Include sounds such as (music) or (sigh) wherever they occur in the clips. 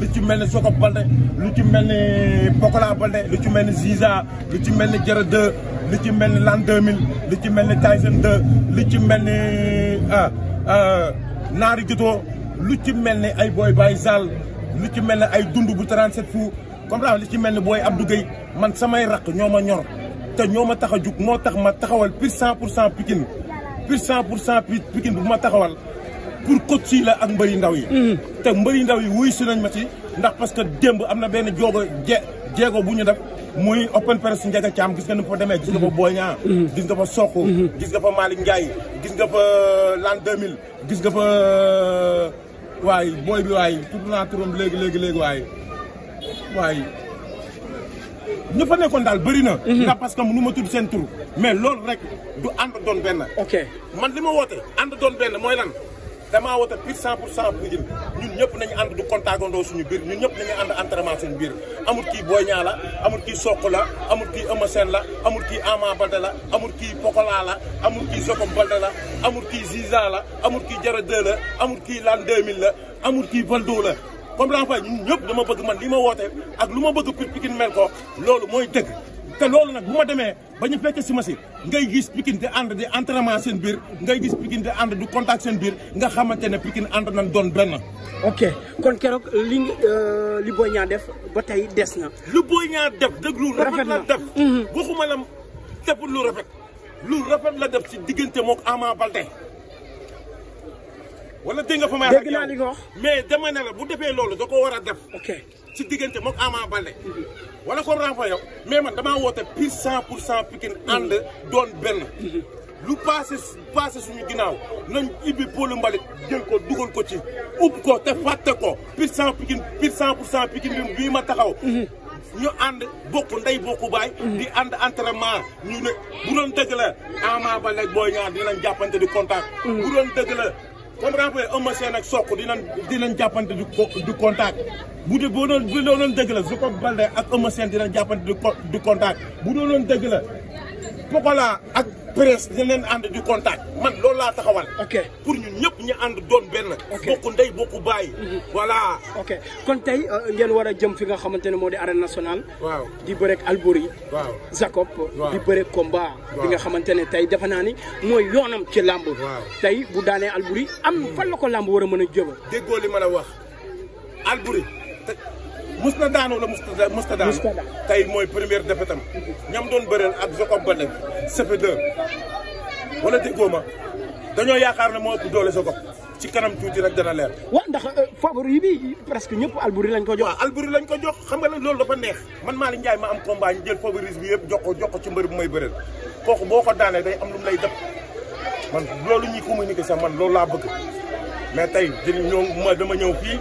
lu ci mel ni Soko Balde lu ci mel ni Pokola Balde lu ci mel ni Ziza lu ci mel ni Jara 2 lu ci mel ni Lan 2000 lu ci mel ni Tyson 2 lu ci mel ni Naari Joto lu ci mel ni ay Boy Baye Sall lu ci mel ni ay dund bu 37 fu comprendre lu ci mel ni Boy Abdou Gueye man samay rakk ñoo ma ñor te ñoom ma tax a jug moo tax ma taxawal pur 100 pour cent Pikine pur 100 pour cent Pikine bu ma taxawal pour coach yi la ak mbëri ndaw yi mm. te mbëri ndaw yi wuy si nañ ma ci ndax parce que démb am na benn joogo je jeego bu ñu def muy open press Ndiaga Thiam gis nga ni fa demee gis nga fa mm. Boy Niang mm. gis nga fa Sokh gis nga fa Malick Ndiaye gis nga fa euh, l'an 2000 gis nga fa euh, waaye booy bi waay tudd naa turam léegi léegi léegi waay waay ñu fa nekkoon daal bëri na. Mm-hmm. ndax parce que mënu ma tudd seen tur mais loolu rek du ànd doon benn. ok man li ma woote ànd doon benn mooy lan. damaa wata pire cent pour cent bu jëm ñun ñëpp nañu ànd du contagondoo suñu biir ñun ñëpp nañu ànd entraînement suñu biir kii Boy Niang la amul kii Sokh la amul kii Eumeu Sène la amul kii Ama Baldé la amul kii Pokola la amul kii Sokh Baldé la amul kii Ziza la amul kii Jara 2 la amul kii Lan 2000 la amul kii Valdo la comprends pas ñun ñëpp dama bëgg man lii ma woote ak lu ma bëgg Pikine mel ko loolu mooy dëgg te loolu nag bu ma demee ba ñu fekkee si ma si ngay gis Pikine di ànd di entraînement seen biir ngay gis Pikine di ànd du contact seen biir nga xamante ne Pikine ànd nañ doon benn. ok kon keroog li euh, li Boy ñaa def ba tey des na. lu Boy Niang def dëgg lu rafet la def mhm. waxuma la deful lu rafet. lu rafet la def si diggante mook Ama Baldé. wala dégg nga fa may dégg naa li nga wax mais dama bu defee loolu da ko war a def. ok ci diggante moom Ama Baldé. wala ko renfant yow mais man damaa woote pire cent pour cent Pikine ànd doon benn. lu paase paase suñu ginnaaw nañ ibbi pôle mbalit jël ko dugal ko ci ub ko te fàtte ko pire cent Pikine pire cent pour cent bii ma taxaw. ñu ànd bokk ndey bokku baay. di ànd entraînement ñu ne bu doon dëgg la Ama Baldé Boy Niang dinañ jàppante di contact. bu doon dëgg la. comprendre nga Eumeu Sène ak Sokh dinañ dinañ jàppante du du contact bu dee boo doon bu doonoon dëgg la Jacob Baldé ak Eumeu Sène dinañ jàppante du du contact bu doonoon dëgg la. Pokola ak presse dina leen ànd di contact man loolu laa taxawal. ok pour ñun ñëpp ñu ànd doon benn. ok bokku ndey bokku baay. Mhm. voilà. ok kon tey euh, ngeen war a jëm fi nga xamante ne moo di arène nationale. waaw di bëreeg Alboury. waaw Jacob. di bëreeg combat. bi nga xamante ne tey defe naa ni mooy yoonam ci làmb. tey bu daanee Alboury am mhm. fan la ko làmb war a mën a jëba. déggoo li ma a wax Alboury. mus na daanu la mus na daanu tey mooy première defetam ñam doon bëreel ak Jacob Baldé CP2 wala déggoo ma dañoo yaakaar ne moo ëpp doole ko ci kanam tuuti rek dana leer waaw ndax euh, favori yi bi presque ñëpp Albouri lañ ko jox waaw lañ ko jox xam nga ne loolu dafa neex man Malick Ndiaye ma am combat ñu jël favoris bi yëpp jox ko jox ko ci mbër bu may bëreel kooku boo ko daanee day am lu lay def man loolu ñuy communiqué sax man loolu laa bëgg mais tey jël dama ñëw fii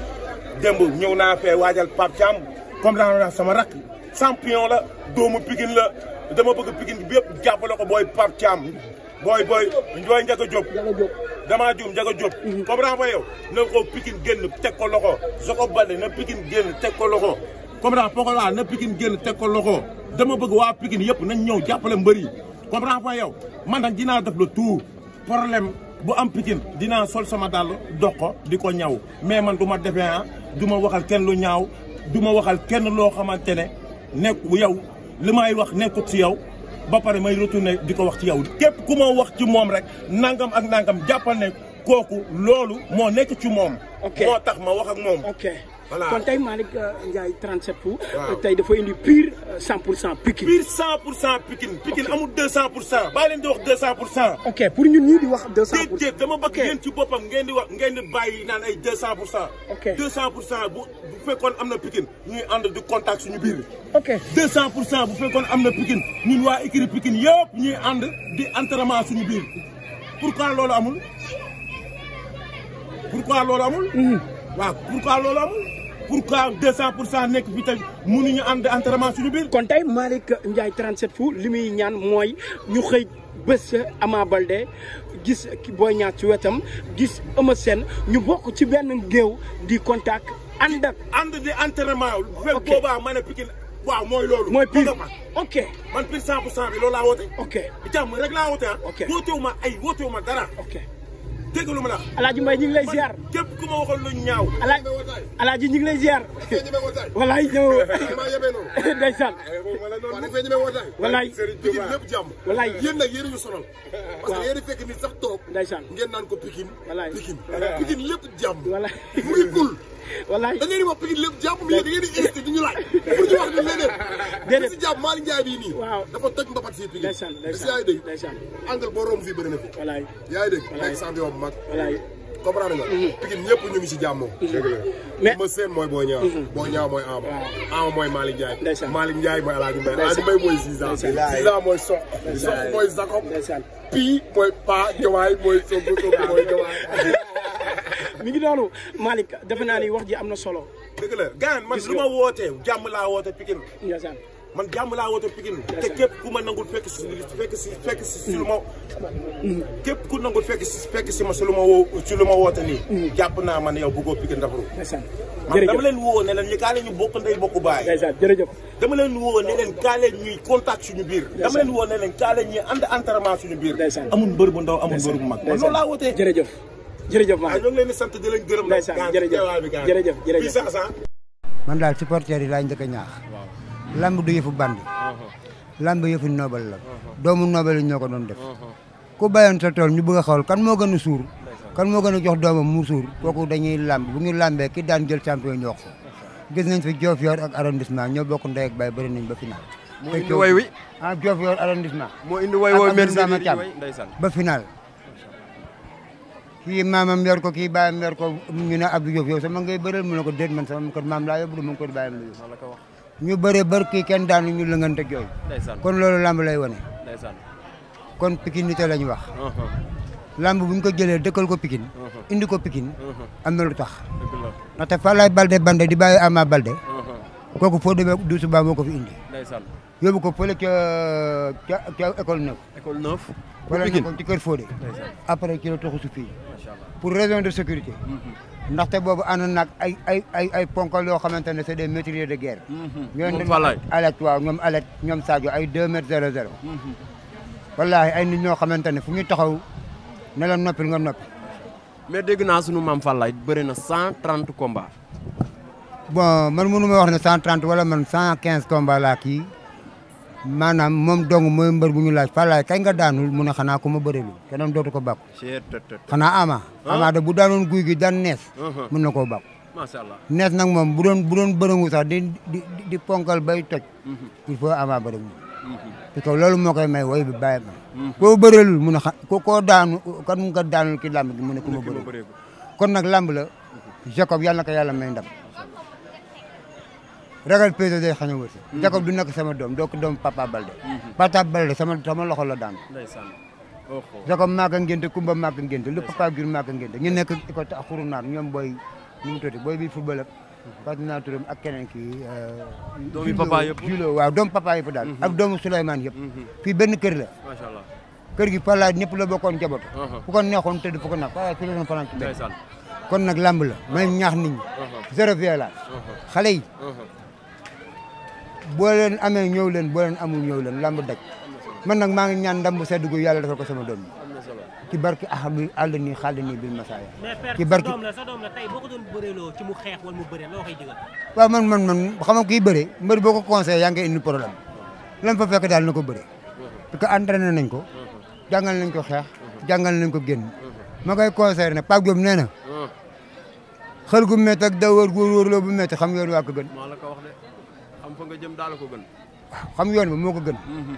démb ñëw naa fee waajal Pape Thiam comme sama rakk champion la doomu Pikine la dama bëgg Pikine bi yëpp jàppale ko booy Pape Thiam booy booy booy Ndiaga Diop damaa juum Ndiaga Diop mhm. comprends ba yow na ko Pikine génn teg ko loxo Sokho Baldé na Pikine génn teg ko loxo comprends Pokola na Pikine génn teg ko dama bëgg waa Pikine yëpp na ñëw jàppale mbër yi comprends ba yow man nag dinaa def le tout problème bu am pikin dinaa sol sama dàll dox ko di ko ñaw mais man du ma defee ah, du ma waxal kenn lu ñaaw du ma waxal kenn loo xamante ne nekk yow li may wax nekkut si yow ba pare may retourné di ko wax ci yow képp ku ma wax ci moom rek nangam ak nangam jàppal ne kooku loolu moo nekk ci moom. moo tax ma wax ak moom. voilà kon tey Malick euh, Ndiaye 37 fu. waaw euh, tey dafa ndi pure 100 euh, pour cent Pikine. pure 100 pour cent Pikine. Pikine amul 200 pour cent. baa leen di wax 200 pour cent. ok pour ñun ñii di wax 200 pour cent. déedéet dama bëgg yéen bu bu fekkoon am na Pikine ñuy ànd di contact suñu biir. ok 200 pour cent bu fekkoon am na Pikine ñun waa écurie Pikine yëpp ñuy ànd di entraînement suñu biir pourquoi loolu amul pourquoi loolu amul. Mhm. loolu amul. pourquoi 200 pour cent nekk fi tey mënuñu ànd entraînement suñu biir. kon tey Malick Ndiaye 37 fu li muy ñaan mooy ñu xëy bés Ama Baldé gis booy Niang ci wetam gis Eumeu Sène ñu bokk ci benn géew di contact ànd ak. ànd di entraînement. fekk boobaa ma ne Pikine waaw mooy loolu. mooy Pire ok. man Pire 100 pour cent bi loolu laa woote. ok itam rek laa woote ah. ok wootewu ma ay wootewu ma dara. dégg lu ma la alaaji mbay ñu ngi lay ziar képp ku ma waxoon lu ñaaw alaaji alaaji ñu ngi lay ziar walaay ñëw (laughs) (laughs) ndeysaan walaay lépp jàmm walaay yéen nag yéen ñu sonal parce que yéen fekk nit sax toog ndeysaan ngeen naan ko pikin pikin pikin lépp jàmm mu wallaay da ngeen di wax Pikine lépp jàpp mi yéen da ngeen di invité du ñu laaj pour ñu wax ñu leneen déedéet si jàpp Malick Ndiaye bii nii waaw dafa toj mbapat fii Pikine si yaa ngi dégg angle boo romb fii bëri na fi wallaay yaa ngi dégg nekk champion bu mag wallaay comprendre nga mhm. Pikine ñëpp ñu ngi si jàmm mhm. dëgg la mais ma seen mooy Boy Niang mhm. Boy Niang mooy Ama Ama mooy Malick Ndiaye Malick Ndiaye mooy Aladji Mbaye Aladji Mbaye mooy Ziza Ziza mooy Sox Sox mooy Zakob Pi mooy Pa Jowaay mooy Sonko Sonko mooy Jowaay (laughs) mi ngi noonu Malick defe naa ni wax ji am na solo. dëgg la gaan man lu ma wootee jàmm laa woote Pikine. ndeysaan man jàmm laa woote Pikine. ma nangul fekk si fekk lu ma. Mm. képp ku nangul fekk si fekk si ma si lu ma woo lu ma woote nii. Mm. jàpp naa man yow bëggoo Pikine defaru. man dama leen woo ne leen ñu kaa leen ñu bokk ndey bokk baay. dama leen woo ne leen kaa leen ñuy contact suñu biir. dama leen woo ne leen kaa leen ñuy ànd entraînement suñu biir. amul mbër bu ndaw amul mbër mag mag. loolu laa wootee jërëjëf jërëjëf man daal ah, ngi leen di sant yi laa njëkk a lamb du yëfu bandi. Uh-huh. lamb yëfu noobal la. Uh-huh. doomu noobal yi ñoo ko doon def. Uh-huh. ku bayoon tool ñu bëgg a xool kan moo gën a suur. kan moo gën a jox doomam mu suur kooku dañuy lamb bu ñu lambee ki daan jël champion ñoo gis nañ fi Diofior ak arrondissement ñoo bokk ndey ak baay bëri nañ ba final. moo indi way wi ah Diofior arrondissement. moo indi way woowu merci ba finaal kii maamam yor ko kii baayam yor ko ñu ne Abdou Diouf yow sama ngay bëreel mu ne ko déet man sama kër maam laa yóbbu mu ngi ko baayam la yóbbu ñu bëree bër kii kenn daanu ñu lëngante ak yooyu kon loolu lamb lay wane kon Pikine nite ñu wax uh-huh. lamb bu ñu ko jëlee dëkkal ko Pikine uh-huh. indi ko Pikine uh-huh. am tax ndaxte fa balde bande di bàyyi ama balde kooku foo demee Doussou Ba moo ko fi indi. ndeysaan. yóbbu ko fële ca ca ca école neuf. école neuf. wala ñu ko ci après ci la su fii. pour raison de sécurité. Mm-hmm. ndaxte boobu ànd nag ay ay ay ay ponkal yoo xamante ne c'est des meurtriers de guerre. Mm-hmm. ñoom Falaye alet waaw ñoom alet ñoom Sadio ay 2 mètres 0 mm-hmm. wallaahi ay nit ñoo xamante ne fu ñu taxaw ne la noppil nga noppi. mais dégg naa sunu maam Falaye bëri na 130 combats. bon man mënu ma wax ne cent trente wala man cent quinze combat laa kii maanaam moom dong mooy mbër bu ñu laaj Falaye kay nga daanul mun a xanaa ku ma bërelu keneen dootu ko bàkku xanaa ama ah? ama da bu daanoon guy gi daan nees uh-huh. mën na koo bàkku macha allah nees nag moom bu doon bu doon bërëngu sax di di di ponkal bay toj uh-huh. il faut ama bërëngu uh-huh. parce que loolu moo koy may woy bi bàyyi ma koo bërelul mu a xa ko koo daanu kan mu nga daanul ki làmb gi mu ne ku ma ko kon nag làmb la Jacob yàlla na ko yàlla may ndam ragal Pédé day xañ a wërsëg. Mm-hmm. Jacob du nekk sama doom donc doomu Papa Balde. Mm-hmm. Papa Balde sama sama loxo la daan. ndeysaan. Jacob maaka ngénte Kumba maaka ngénte lu Papa Gur maaka ngénte ñu nekk école xuru ñoom booy ñu mu tuuti bi football ak. Mm-hmm. fàttali naa turam ak keneen kii. Euh, Papa yëpp julo ak doomu Souleymane yëpp. fii benn kër la. macha allah kër gi Falla ñëpp la bokkoon njaboot. fu ko neexoon tëdd fu ko nag waaw fii la doon fanaan ci benn. kon nag lamb la may ñaax nit ñi. zéro violence xale yi boo leen amee ñëw leen boo leen amul ñëw leen lamb daj man nag maa ngi ñaan ndam bu sedd gu yàlla defal ko sama doom ci barki ahadu àll nii xaal nii bil masaaya ci barki waaw man man man xam nga kii boo ko conseillé yaa ngi indi problème lan fa fekk daal na ko bëre parce que entraîné nañ ko jàngal nañ ko xeex jàngal nañ ko génn ma koy conseillé nag Pape Diop nee na mm. xel gu métti ak dawar góor wóorloo bu métti waa ko xam fa nga jëm daal ko gën. waaw xam yoon bi moo ko gën. Mhm.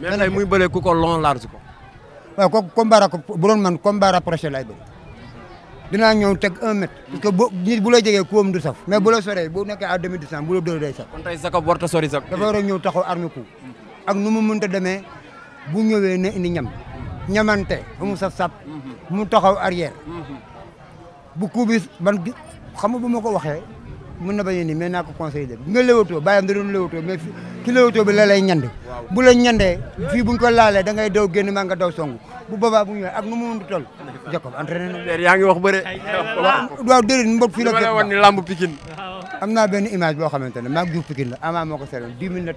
mais tey muy bële ku ko long large ko. waaw kooku combat bu doon man combat rapproché lay bëri. dinaa ñëw teg a mètre. parce que bu nit bu la jegee kuwam du saf. mais bu la soree bu nekkee à demi distance bu la dóor day saf. kon tey Jacob warta sori Jacob. dafa war a ñëw taxaw arme ku ak nu mu mënta demee bu ñëwee na indi ñam. ñamante amu saf sap. Mhm. mu taxaw arrière. Mhm. bu kuu man xam nga bu ma ko mën na bañ a nii mais naa ko conseillé def nga léwatoo bàyyam da doon léwatoo mais ki léwatoo bi la lay ñand bu la ñandee fii buñ ko laalee da ngay daw génn maa daw song bu boobaa bu ñëwee ak nu mu mënut toll Jacob entraîné na yaa ngi wax bëre waaw déedéet mbokk fii la ko woon ni lamb Pikine am naa benn ne maa ngi Diouf Pikine la ama moo ko seeroon dix mille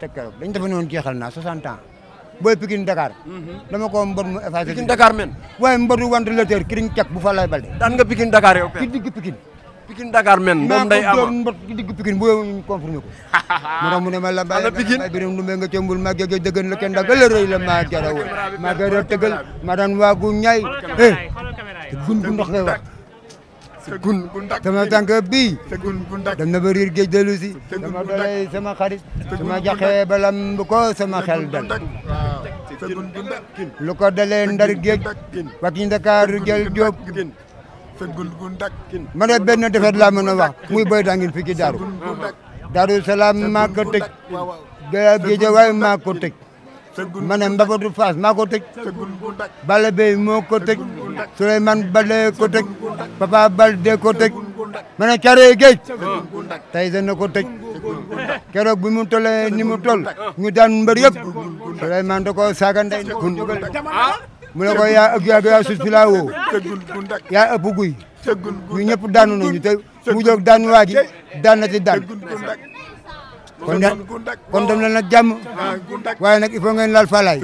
la mhm. ko mbot mu effacé Pikine Dakar men waaye bu fa lay balde daan nga Pikine Dakar yow ci Pikine Dakar men moom day am doon mbot ci digg Pikine bu ñu confirmé ko mu ma la bay ma gege dëgën la kenn dagal rëy ma jaraw ma gëra tëgal ma daan waagu ñay eh gun gun ndox lay wax gun gun ndak sama tànk bii gun gun dal lu ko dalee ndar Dakar jël jóob ma ne benn defet laa mën a wax muy béy daa ngeen daaru daaru salaam maa ko tëj a maa ko tëj ma ne mbafatu faas maa ko tëj bala moo ko tëj Souleymane Baldé ko Papa Baldé ko tëj ma ne carré géej tey dana ko tëj keroog mu tolle ni mu toll ñu daan mbër yëpp Souleymane da ko mu ne ko yaa ëpp yaa yaa woo yaa ëpp guy ñu ñëpp daanu nañu te mu jóg daan waa ji daan na ci daan kon da kon dem leen nag jàmm waaye nag il faut ngeen laal falaay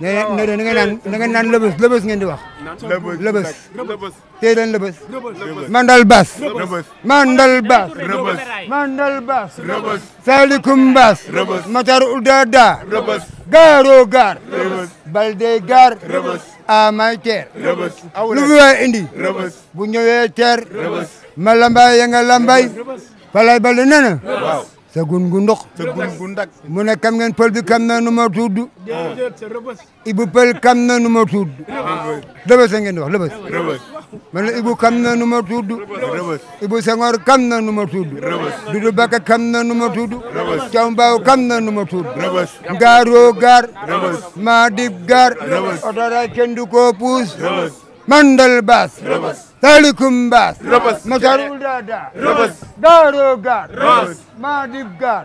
nee na da ngeen naan da ngeen naan lëbës lëbës ngeen di wax lëbës tey leen lëbës mandal baas mandal baas mandal baas salikum baas matar ulda da gaaro gaar balde gaar amay teer lu fi waay indi bu ñëwee teer ma lambay ya nga lambay falay balde nee sa gun gun gu mu ne kam ngeen pël bi kam na nu ma tudd. ibu pël kam na nu ma tudd. rëbës ngeen di wax rëbës. rëbës ne ibu kam na nu ma tudd. rëbës ibu sengoor kam na nu ma tudd. rëbës dudu kam na nu ma tudd. rëbës caw mbaaw kam na nu ma tudd. rëbës ngaaroo gaar. rëbës maadib gaar. rëbës puus. mandal baas. rëbës. talikum baas. rëbës. makarul daadaa. gaar. rëbës. maadib gaar.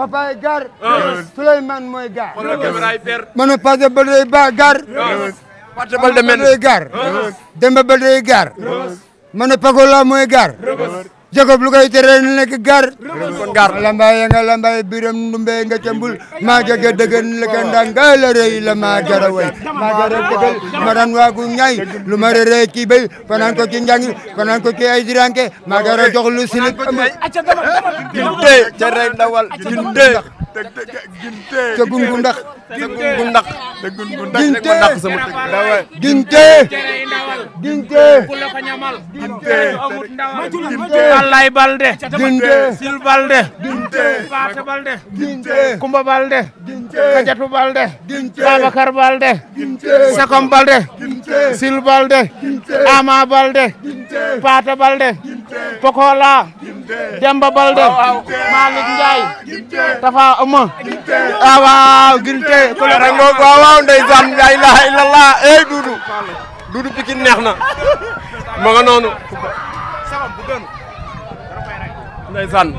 papaay gaar. rëbës. mooy gaar. mën na gëmëraay per. gaar. rëbës. Pathé Baldé gaar. rëbës. Demba mooy gaar. Jacob lu koy tere nu nekk gar kon gar lambaye nga lambaye biram ndumbe maa jege dëgën la kanda nga la maa jara way maa jara dëgal ma lu ma rere ci fanaan ko ci fanaan ko ci ay maa jara lu silip ëmb junte ca rey ndawal te ginte te gungu ndax. te gungu ndax. te gungu ndax rek ma ndax sama tëj. dawal ginte. ginte. ginte. ginte. Alay Balde. ginte. Sil Balde. ginte. Faata Balde. ginte. Kumba Balde. ginte. Kajatu Balde. ginte. Babacar Balde. ginte. Sakom Balde. ginte. Sil Balde. ginte. Ama Balde. ginte. Paata Balde. ginte. Pokola. Demba Balde Malick Ndiaye Tafa Ama ah waaw ginte ko la rek waaw waaw ndeysaan la ilaha illallah ey Dudu Dudu Pikine neex na ma nga noonu ndeysaan